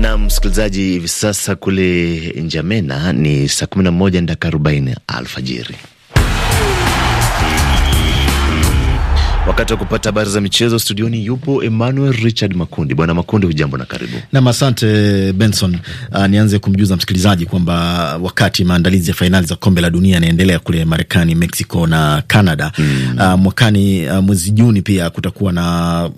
na msikilizaji, hivi sasa kule Njamena ni saa 11 na dakika 40 alfajiri. Wakati wa kupata habari za michezo studioni yupo Emmanuel Richard Makundi. Bwana Makundi, hujambo na karibu nam. Asante Benson. Uh, nianze kumjuza msikilizaji kwamba wakati maandalizi ya fainali za kombe la dunia yanaendelea kule Marekani, Mexico na Canada mm. uh, mwakani uh, mwezi Juni pia kutakuwa na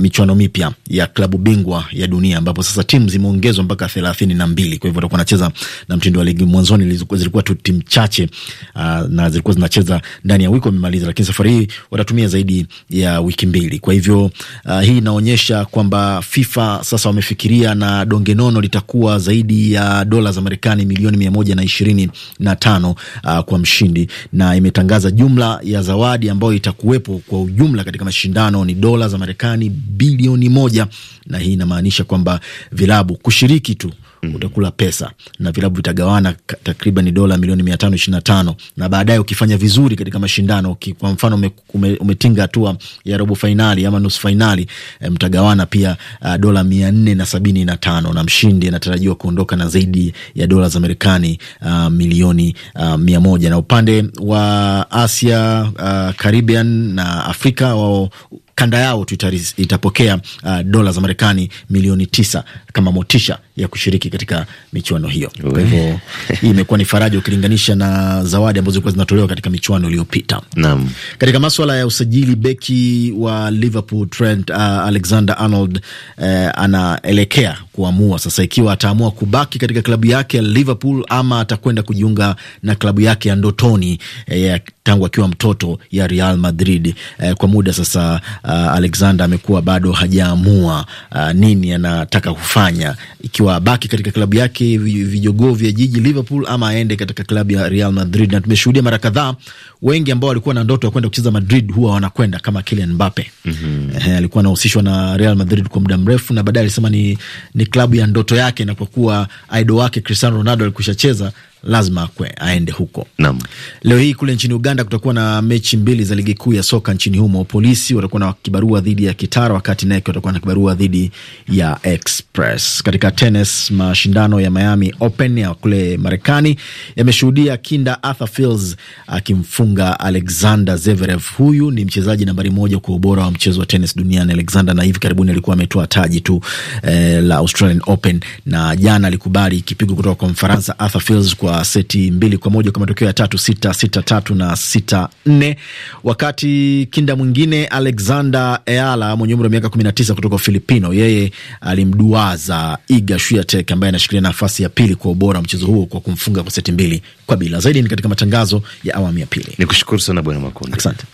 michuano mipya ya klabu bingwa ya dunia ambapo sasa timu zimeongezwa mpaka thelathini na mbili. Kwa hivyo watakuwa nacheza na mtindo wa ligi. Mwanzoni zilikuwa tu timu chache uh, na zilikuwa zinacheza ndani ya wiki wamemaliza, lakini safari hii watatumia zaidi ya wiki mbili. Kwa hivyo uh, hii inaonyesha kwamba FIFA sasa wamefikiria na donge nono litakuwa zaidi ya dola za Marekani milioni mia moja na ishirini na tano uh, kwa mshindi, na imetangaza jumla ya zawadi ambayo itakuwepo kwa ujumla katika mashindano ni dola za Marekani bilioni moja, na hii inamaanisha kwamba vilabu kushiriki tu mm. utakula pesa na vilabu vitagawana takriban dola milioni mia tano ishirini na tano na baadaye ukifanya vizuri katika mashindano kwa mfano ume, ume, umetinga hatua ya robo fainali ama nusu fainali e, eh, mtagawana pia uh, dola mia nne na sabini na tano na mshindi anatarajiwa kuondoka na zaidi ya dola za Marekani uh, ah, milioni uh, mia moja na upande wa Asia uh, Caribbean na Afrika wao kanda yao tu itapokea uh, dola za Marekani milioni tisa kama motisha ya kushiriki katika michuano hiyo. Kwa hivyo hii imekuwa ni faraja ukilinganisha na zawadi ambazo zilikuwa zinatolewa katika michuano iliyopita. Naam. Katika maswala ya usajili, beki wa Liverpool Trent uh, Alexander Arnold uh, anaelekea kuamua sasa ikiwa ataamua kubaki katika klabu yake ya Liverpool ama atakwenda kujiunga na klabu yake ya ndotoni uh, tangu akiwa mtoto ya Real Madrid. Eh, kwa muda sasa uh, Alexander amekuwa bado hajaamua uh, nini anataka kufanya, ikiwa abaki katika klabu yake vijogoo vya jiji Liverpool ama aende katika klabu ya Real Madrid. Na tumeshuhudia mara kadhaa wengi ambao walikuwa na ndoto ya kwenda kucheza Madrid huwa wanakwenda kama Kylian Mbappe. mm -hmm. Eh, alikuwa anahusishwa na Real Madrid kwa muda mrefu na baadaye alisema ni, ni klabu ya ndoto yake, na kwa kuwa idol wake Cristiano Ronaldo alikushacheza lazima akwe aende huko Naam. Leo hii kule nchini Uganda kutakuwa na mechi mbili za ligi kuu ya soka nchini humo. Polisi watakuwa na kibarua dhidi ya Kitara, wakati NEC watakuwa na kibarua dhidi ya Express. Katika tenis, mashindano ya Miami Open ya kule Marekani yameshuhudia Kinda Arthur Fields akimfunga Alexander Zverev. Huyu ni mchezaji nambari moja kwa ubora wa mchezo wa tenis duniani Alexander, na hivi karibuni alikuwa ametoa taji tu eh, la Australian Open, na jana alikubali kipigo kutoka kwa Mfaransa Arthur Fields kwa kwa seti mbili kwa moja kwa matokeo ya tatu sita sita tatu na sita nne, wakati kinda mwingine Alexander Eala mwenye umri wa miaka kumi na tisa kutoka Filipino, yeye alimduaza Iga Swiatek ambaye anashikilia nafasi ya pili kwa ubora mchezo huo kwa kumfunga kwa seti mbili kwa bila. Zaidi ni katika matangazo ya awamu ya pili. Nikushukuru sana Bwana Makundi, asante.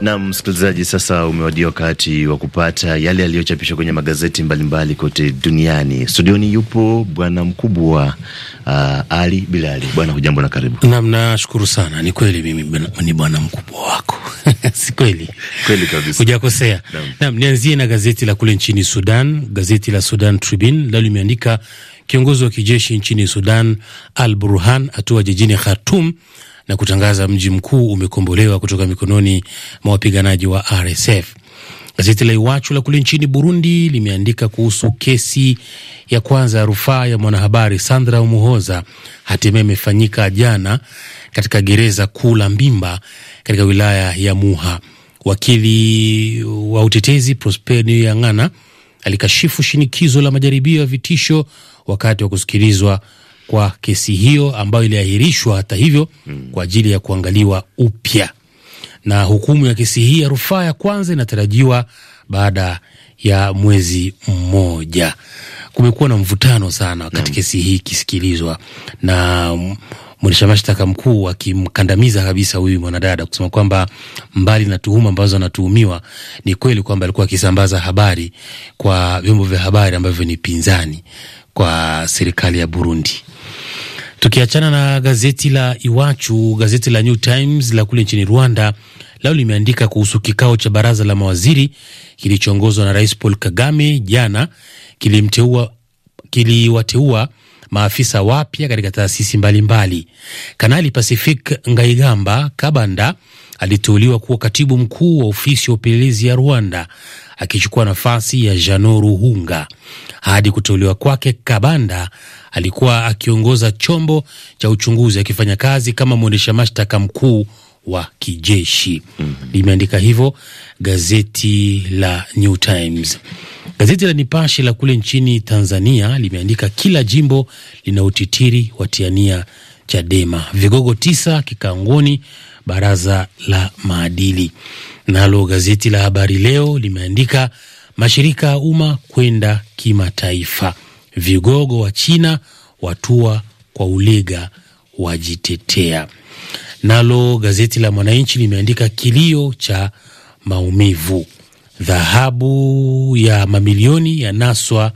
Na msikilizaji, sasa umewadia wakati wa kupata yale yaliyochapishwa kwenye magazeti mbalimbali mbali kote duniani. Studioni yupo bwana mkubwa uh, Ali Bilali. Bwana hujambo na karibu. nam nashukuru sana. Ni kweli mimi ni bwana mkubwa wako si kweli? Kweli kabisa, hujakosea. Nam, nianzie na gazeti la kule nchini Sudan. Gazeti la Sudan Tribune lao limeandika kiongozi wa kijeshi nchini Sudan Al Burhan atua jijini Khartum na kutangaza mji mkuu umekombolewa kutoka mikononi mwa wapiganaji wa RSF. Gazeti la Iwachu la kule nchini Burundi limeandika kuhusu kesi ya kwanza ya rufaa ya mwanahabari Sandra Umuhoza hatimaye imefanyika jana katika gereza kuu la Mbimba katika wilaya ya Muha. Wakili wa utetezi prosper Yang'ana alikashifu shinikizo la majaribio ya vitisho wakati wa kusikilizwa kwa kesi hiyo ambayo iliahirishwa hata hivyo mm, kwa ajili ya kuangaliwa upya, na hukumu ya kesi hii ya rufaa ya kwanza inatarajiwa baada ya mwezi mmoja. Kumekuwa na mvutano sana wakati hmm. kesi hii ikisikilizwa na mwendesha mashtaka mkuu akimkandamiza kabisa huyu mwanadada kusema kwamba mbali na tuhuma ambazo anatuhumiwa, ni kweli kwamba alikuwa akisambaza habari kwa vyombo vya habari ambavyo ni pinzani kwa serikali ya Burundi. Tukiachana na gazeti la Iwachu, gazeti la New Times la kule nchini Rwanda lao limeandika kuhusu kikao cha baraza la mawaziri kilichoongozwa na Rais Paul Kagame jana, kilimteua kiliwateua maafisa wapya katika taasisi mbalimbali. Kanali Pacific Ngaigamba Kabanda aliteuliwa kuwa katibu mkuu wa ofisi ya upelelezi ya Rwanda akichukua nafasi ya Jano Ruhunga. Hadi kuteuliwa kwake, Kabanda alikuwa akiongoza chombo cha uchunguzi akifanya kazi kama mwendesha mashtaka mkuu wa kijeshi. mm -hmm. hivyo gazeti la New Times. Gazeti la Nipashe la kule nchini Tanzania limeandika kila jimbo lina utitiri watiania Chadema, vigogo tisa kikangoni baraza la maadili. Nalo gazeti la Habari Leo limeandika mashirika ya umma kwenda kimataifa, vigogo wa China watua kwa ulega wajitetea. Nalo gazeti la Mwananchi limeandika kilio cha maumivu, dhahabu ya mamilioni ya naswa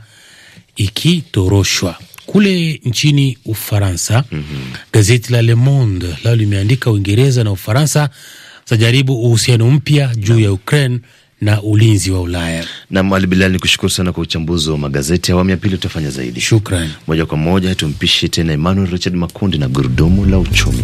ikitoroshwa kule nchini Ufaransa, mm -hmm. gazeti la Le Monde lao limeandika Uingereza na Ufaransa zajaribu uhusiano mpya juu ya Ukraine na ulinzi wa Ulaya. Nam Ali Bilal, ni kushukuru sana kwa uchambuzi wa magazeti. Awamu ya pili utafanya zaidi. Shukran. Moja kwa moja tumpishe tena Emmanuel Richard Makundi na gurudumu la uchumi.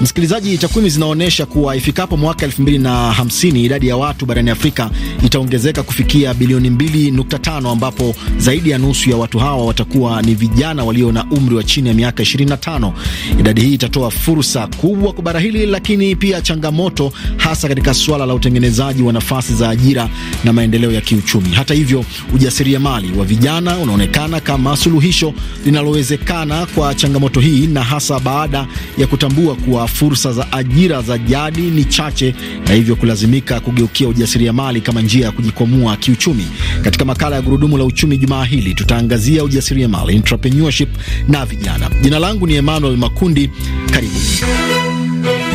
Msikilizaji, takwimu zinaonyesha kuwa ifikapo mwaka 2050 idadi ya watu barani Afrika itaongezeka kufikia bilioni 2.5 ambapo zaidi ya nusu ya watu hawa watakuwa ni vijana walio na umri wa chini ya miaka 25. Idadi hii itatoa fursa kubwa kwa bara hili, lakini pia changamoto, hasa katika suala la utengenezaji wa nafasi za ajira na maendeleo ya kiuchumi. Hata hivyo, ujasiriamali wa vijana unaonekana kama suluhisho linalowezekana kwa changamoto hii, na hasa baada ya kutambua kuwa fursa za ajira za jadi ni chache na hivyo kulazimika kugeukia ujasiriamali kama njia ya kujikwamua kiuchumi. Katika makala ya Gurudumu la Uchumi jumaa hili tutaangazia ujasiriamali, entrepreneurship na vijana. Jina langu ni Emmanuel Makundi, karibu.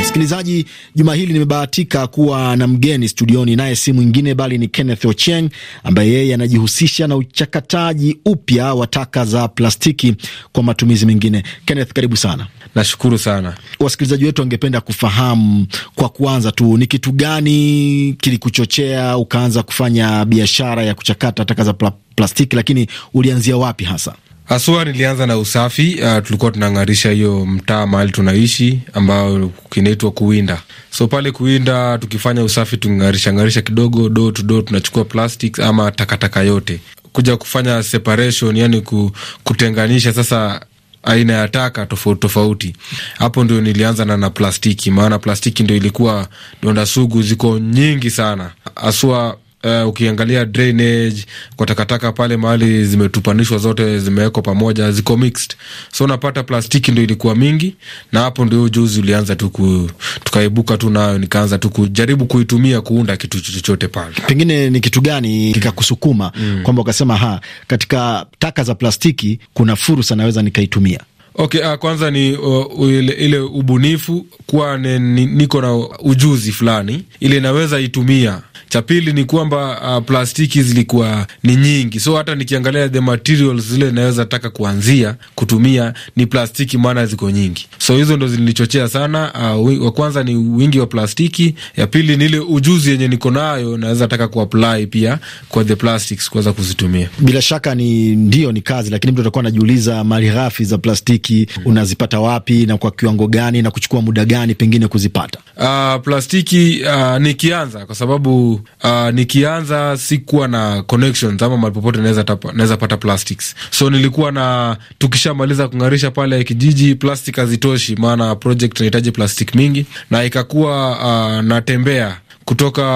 Msikilizaji, juma hili nimebahatika kuwa na mgeni studioni, naye si mwingine bali ni Kenneth Ochieng ambaye yeye anajihusisha na uchakataji upya wa taka za plastiki kwa matumizi mengine. Kenneth, karibu sana. Nashukuru sana. Wasikilizaji wetu wangependa kufahamu kwa kuanza tu, ni kitu gani kilikuchochea ukaanza kufanya biashara ya kuchakata taka za plastiki, lakini ulianzia wapi hasa? Asua nilianza na usafi. Uh, tulikuwa tunang'arisha hiyo mtaa mahali tunaishi ambayo kinaitwa Kuwinda. So pale Kuwinda tukifanya usafi, tung'arisha ng'arisha kidogo, do to do, tunachukua plastics ama takataka yote, kuja kufanya separation, yani ku, kutenganisha sasa aina ya taka tofauti tofauti. Hapo ndio nilianza na na plastiki, maana plastiki ndio ilikuwa donda sugu, ziko nyingi sana aswa uh, ukiangalia drainage kwa takataka pale mahali zimetupanishwa zote zimewekwa pamoja, ziko mixed, so unapata plastiki ndo ilikuwa mingi, na hapo ndio ujuzi ulianza tu tukaibuka tu nayo, nikaanza tu kujaribu kuitumia kuunda kitu chochote pale. Pengine ni kitu gani kikakusukuma mm. kwamba ukasema ha, katika taka za plastiki kuna fursa naweza nikaitumia? Okay, uh, kwanza ni uh, ile, ile ubunifu kuwa ni, ni, niko na ujuzi fulani ile naweza itumia. Cha pili ni kwamba uh, plastiki zilikuwa ni nyingi, so hata nikiangalia the materials zile naweza taka kuanzia kutumia ni plastiki, maana ziko nyingi. So hizo ndo zilinichochea sana. Uh, wa kwanza ni wingi wa plastiki, ya pili ni ile ujuzi yenye niko nayo naweza taka kuapply pia kwa the plastics kuweza kuzitumia. Bila shaka ni ndio, ni kazi, lakini mtu atakuwa anajiuliza malighafi za plastiki plastiki mm. unazipata wapi na kwa kiwango gani na kuchukua muda gani pengine kuzipata? Uh, plastiki uh, nikianza kwa sababu uh, nikianza sikuwa na connections ama mali popote naweza pata plastics, so nilikuwa na tukishamaliza kung'arisha pale kijiji, plastic hazitoshi, maana project inahitaji plastic mingi, na ikakuwa uh, natembea kutoka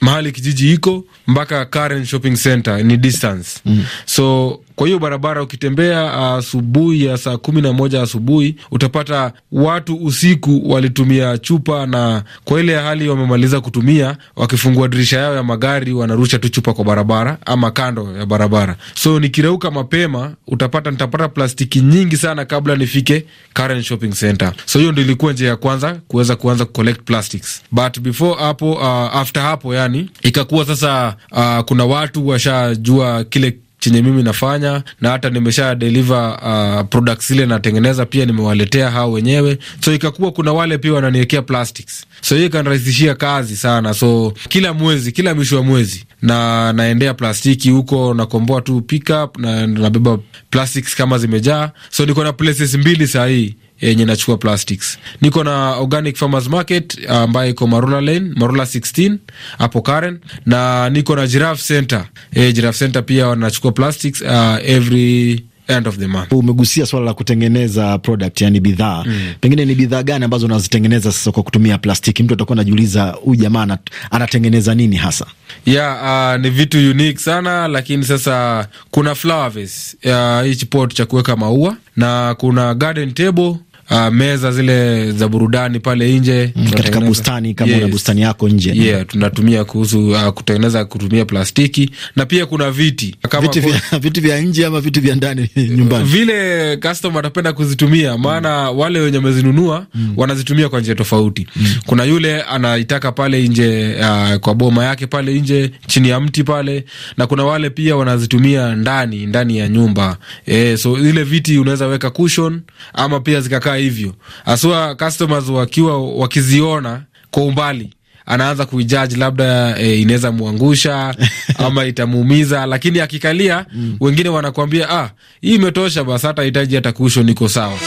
mahali kijiji iko mpaka Karen Shopping Center ni distance mm. so kwa hiyo barabara ukitembea asubuhi ya saa kumi na moja asubuhi utapata watu usiku walitumia chupa, na kwa ile hali wamemaliza kutumia, wakifungua dirisha yao ya magari wanarusha tu chupa kwa barabara ama kando ya barabara. So nikireuka mapema, utapata nitapata plastiki nyingi sana kabla nifike Karen Shopping Center. So hiyo ndo ilikuwa njia ya kwanza kuweza kuanza collect plastics, but before hapo uh, after hapo yani ikakuwa sasa uh, kuna watu washajua kile chenye mimi nafanya na hata nimesha deliver uh, products ile natengeneza pia nimewaletea hao wenyewe, so ikakuwa kuna wale pia wananiwekea plastics, so hiyo ikanirahisishia kazi sana. So kila mwezi, kila mwisho wa mwezi na naendea plastiki huko, nakomboa tu pickup na nabeba plastics kama zimejaa. So niko na places mbili sahii yenye nachukua plastics. Niko na Organic Farmers Market ambaye iko Marula Lane, Marula 16 hapo Karen, na niko na Giraffe Center. E, Giraffe Center pia wanachukua plastics uh, every end of the month. Umegusia swala la kutengeneza product, yani bidhaa mm. Pengine ni bidhaa gani ambazo unazitengeneza sasa kwa kutumia plastiki? Mtu atakuwa anajiuliza huyu jamaa anatengeneza nini hasa? Yeah, uh, ni vitu unique sana, lakini sasa kuna flower vase, uh, hichi pot cha kuweka maua na kuna garden table uh, meza zile za burudani pale nje mm, katika bustani kama yes, una bustani yako nje yeah, tunatumia kuhusu uh, kutengeneza kutumia plastiki na pia kuna viti kama viti vya, viti vya nje ama viti vya ndani nyumbani, vile customer atapenda kuzitumia, maana mm, wale wenye wamezinunua mm, wanazitumia kwa njia tofauti mm. Kuna yule anaitaka pale nje uh, kwa boma yake pale nje chini ya mti pale, na kuna wale pia wanazitumia ndani ndani ya nyumba eh, so ile viti unaweza weka cushion ama pia zikakaa hivyo, haswa customers wakiwa wakiziona kwa umbali anaanza kuijaji labda e, inaweza mwangusha ama itamuumiza, lakini akikalia mm. Wengine wanakuambia ah, hii imetosha basi, hata hitaji hata kusho, niko sawa.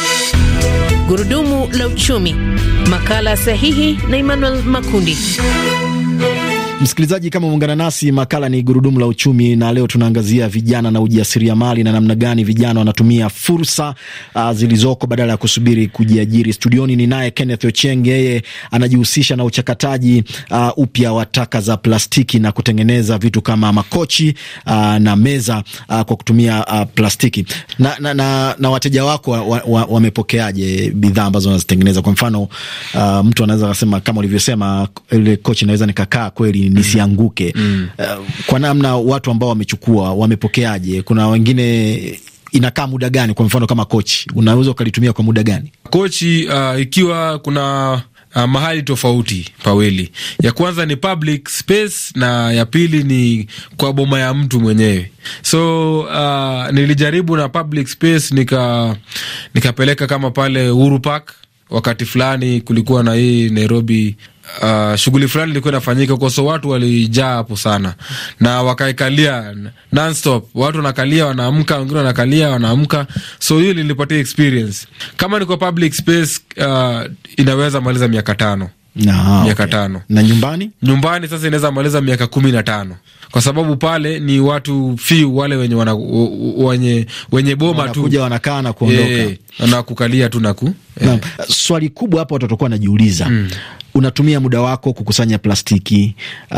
Gurudumu la Uchumi, makala sahihi na Emmanuel Makundi. Msikilizaji, kama umeungana nasi, makala ni gurudumu la uchumi, na leo tunaangazia vijana na ujasiriamali na namna gani vijana wanatumia fursa uh, zilizoko badala ya kusubiri kujiajiri. Studioni ni naye Kenneth Ocheng, yeye anajihusisha na uchakataji uh, upya wa taka za plastiki na kutengeneza vitu kama makochi uh, na meza uh, kwa kutumia uh, plastiki. Na, na, na, na wateja wako wamepokeaje wa, wa, bidhaa ambazo wanazitengeneza? Kwa mfano uh, mtu anaweza kasema kama ulivyosema, ile kochi naweza nikakaa kweli nisianguke mm. Uh, kwa namna watu ambao wamechukua wamepokeaje? Kuna wengine inakaa muda gani? Kwa mfano kama kochi, unaweza ukalitumia kwa muda gani kochi? Uh, ikiwa kuna Uh, mahali tofauti pawili, ya kwanza ni public space na ya pili ni kwa boma ya mtu mwenyewe. So uh, nilijaribu na public space nika nikapeleka kama pale Uhuru Park wakati fulani kulikuwa na hii Nairobi uh, shughuli fulani ilikuwa inafanyika huko, so watu walijaa hapo sana na wakaekalia nonstop, watu wanakalia, wanaamka, wengine wanakalia, wanaamka. So hiyo lilipatia experience. Kama niko public space uh, inaweza maliza miaka tano Nah, miaka okay, tano na nyumbani nyumbani sasa inaweza maliza miaka kumi na tano kwa sababu pale ni watu fiu wale wenye wana, wenye, wenye boma tu wanakuja wanakaa na kuondoka eh, na kukalia tu na ku, eh. Swali kubwa hapa watu watakuwa wanajiuliza mm unatumia muda wako kukusanya plastiki uh,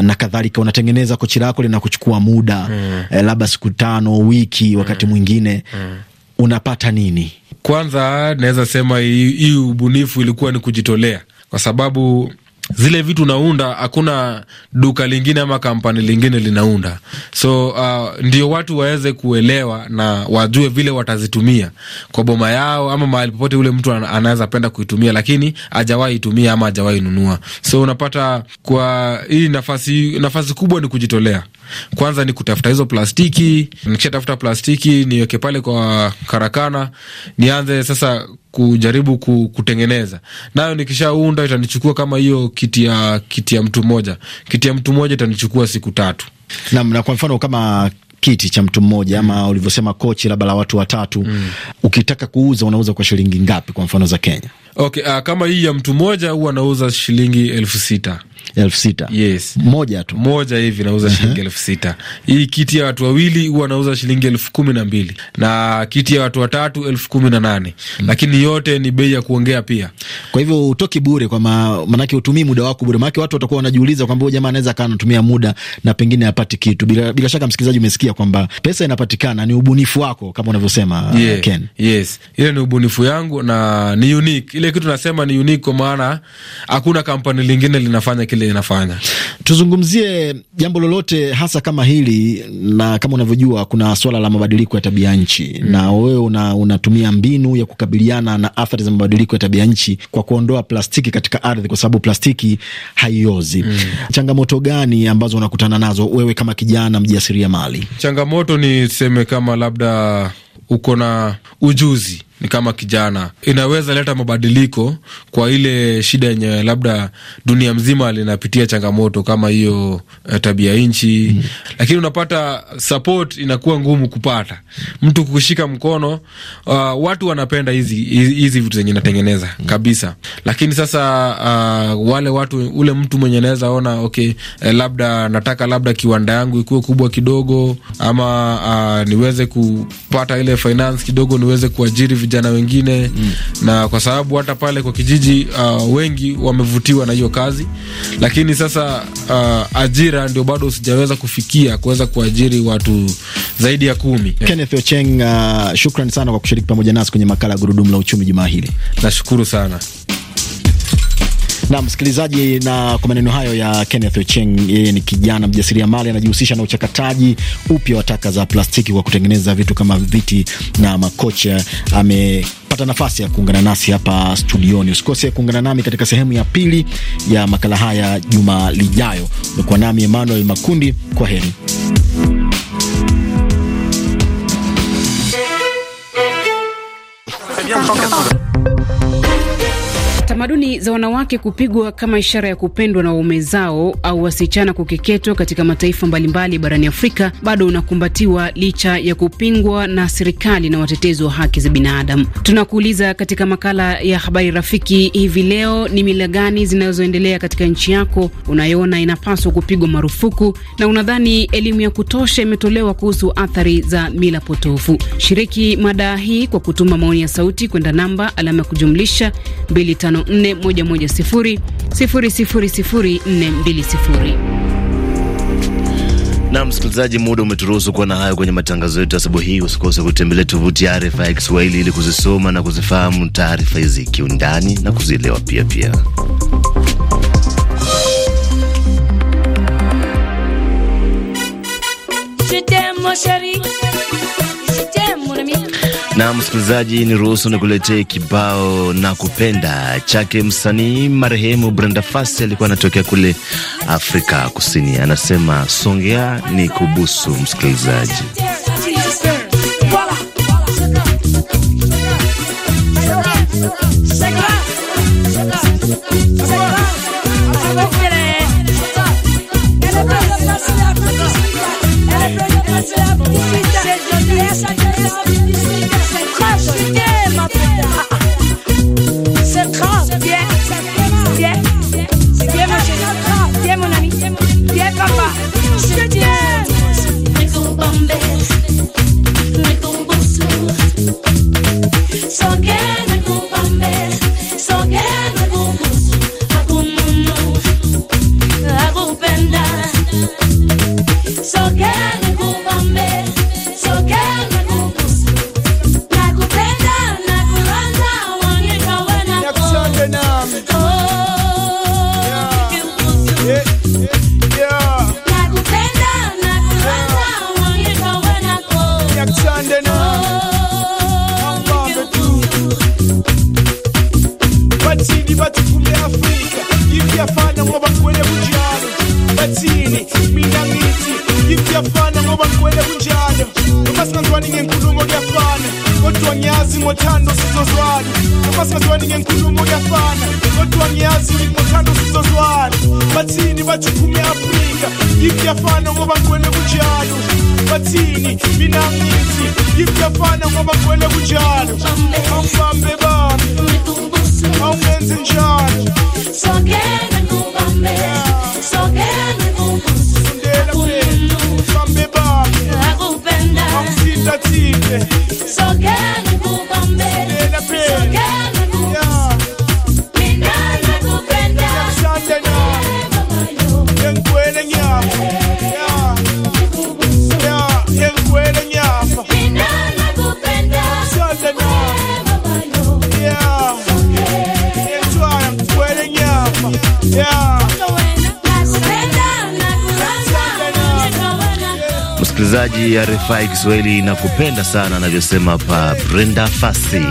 na kadhalika. Unatengeneza kochi lako linakuchukua muda mm. eh, labda siku tano, wiki, wakati hmm. mwingine mm. unapata nini? Kwanza naweza sema hii ubunifu ilikuwa ni kujitolea, kwa sababu zile vitu unaunda, hakuna duka lingine ama kampani lingine linaunda. So uh, ndio watu waweze kuelewa na wajue vile watazitumia kwa boma yao ama mahali popote ule mtu anaweza penda kuitumia, lakini hajawahi itumia ama hajawahi nunua. So unapata kwa hii nafasi, nafasi kubwa ni kujitolea kwanza ni kutafuta hizo plastiki. Nikishatafuta plastiki niweke pale kwa karakana, nianze sasa kujaribu kutengeneza nayo. Nikishaunda itanichukua kama hiyo kiti ya kiti ya mtu mmoja, kiti ya mtu mmoja itanichukua siku tatu. Naam, na kwa mfano kama kiti cha mtu mmoja ama mm. ulivyosema kochi labda la watu watatu, mm. ukitaka kuuza unauza kwa shilingi ngapi, kwa mfano za Kenya? Okay, uh, kama hii ya mtu mmoja huwa anauza shilingi elfu sita elfu sita yes. Moja tu moja hivi nauza shilingi elfu sita Hii kiti ya watu wawili huwa nauza shilingi elfu kumi na mbili na kiti ya watu watatu elfu kumi na nane mm. Lakini yote ni bei ya kuongea pia. Kwa hivyo utoki bure kwa ma, manake utumii muda wako bure, manake watu watakuwa wanajiuliza kwamba huyu jamaa anaweza kaa anatumia muda na pengine apati kitu bila, bila shaka msikilizaji, umesikia kwamba pesa inapatikana, ni ubunifu wako kama unavyosema uh, yeah. Ken. Yes, ile ni ubunifu yangu na ni unique. Ile kitu nasema ni unique kwa maana hakuna kampani lingine linafanya kile inafanya. Tuzungumzie jambo lolote hasa kama hili, na kama unavyojua kuna swala la mabadiliko ya tabia nchi mm. na wewe una, unatumia mbinu ya kukabiliana na athari za mabadiliko ya tabia nchi kwa kuondoa plastiki katika ardhi, kwa sababu plastiki haiozi mm. changamoto gani ambazo unakutana nazo wewe kama kijana mjasiria mali? Changamoto ni seme kama labda uko na ujuzi ni kama kijana, inaweza leta mabadiliko kwa ile shida yenye labda dunia mzima linapitia changamoto kama hiyo eh, tabia nchi mm. Lakini unapata support inakuwa ngumu kupata mtu kushika mkono. Uh, watu wanapenda hizi hizi vitu zenye natengeneza mm. Mm-hmm. kabisa, lakini sasa uh, wale watu ule mtu mwenye naweza ona okay, eh, labda nataka labda kiwanda yangu ikuwe kubwa kidogo ama uh, niweze kupata ile finance kidogo niweze kuajiri vijana vijana wengine mm. na kwa sababu hata pale kwa kijiji uh, wengi wamevutiwa na hiyo kazi, lakini sasa uh, ajira ndio bado sijaweza kufikia kuweza kuajiri watu zaidi ya kumi. Kenneth Ocheng, uh, shukran sana kwa kushiriki pamoja nasi kwenye makala ya gurudumu la uchumi jumaa hili. Nashukuru sana. Na msikilizaji, na kwa maneno hayo ya Kenneth Ocheng, yeye ni kijana mjasiriamali, anajihusisha na uchakataji upya wa taka za plastiki kwa kutengeneza vitu kama viti na makocha. Amepata nafasi ya kuungana nasi hapa studioni. Usikose kuungana nami katika sehemu ya pili ya makala haya juma lijayo. Umekuwa nami Emmanuel Makundi, kwa heri. Tamaduni za wanawake kupigwa kama ishara ya kupendwa na waume zao au wasichana kukeketwa katika mataifa mbalimbali barani Afrika bado unakumbatiwa licha ya kupingwa na serikali na watetezi wa haki za binadamu. Tunakuuliza katika makala ya habari rafiki hivi leo, ni mila gani zinazoendelea katika nchi yako unayoona inapaswa kupigwa marufuku, na unadhani elimu ya kutosha imetolewa kuhusu athari za mila potofu? Shiriki mada hii kwa kutuma maoni ya sauti kwenda namba alama ya kujumlisha 25 na msikilizaji, muda umeturuhusu kuwa na hayo kwenye matangazo yetu asubuhi hii. Usikose kutembelea tovuti ya RFI ya Kiswahili ili kuzisoma na kuzifahamu taarifa hizi kiundani na kuzielewa pia pia. shari na msikilizaji, ni ruhusu nikuletee kibao na kupenda chake msanii marehemu Brenda Fassie. Alikuwa anatokea kule Afrika Kusini, anasema songea ni kubusu. Msikilizaji ngiyanika ngikuyafana ngoba msikilizaji RFI Kiswahili na kupenda sana anavyosema hapa Brenda Fasi.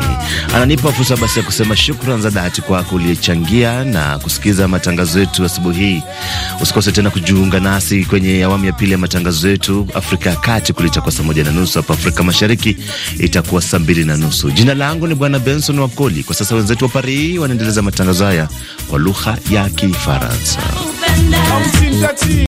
Ananipa fursa basi ya kusema shukrani za dhati kwako uliyechangia na kusikiza matangazo yetu asubuhi hii. Usikose tena kujiunga nasi kwenye awamu ya pili ya matangazo yetu Afrika ya Kati kule itakuwa saa moja na nusu, hapa Afrika Mashariki itakuwa saa mbili na nusu. Jina langu ni Bwana Benson Wakoli. Kwa sasa wenzetu wa Paris wanaendeleza matangazo haya kwa lugha ya Kifaransa.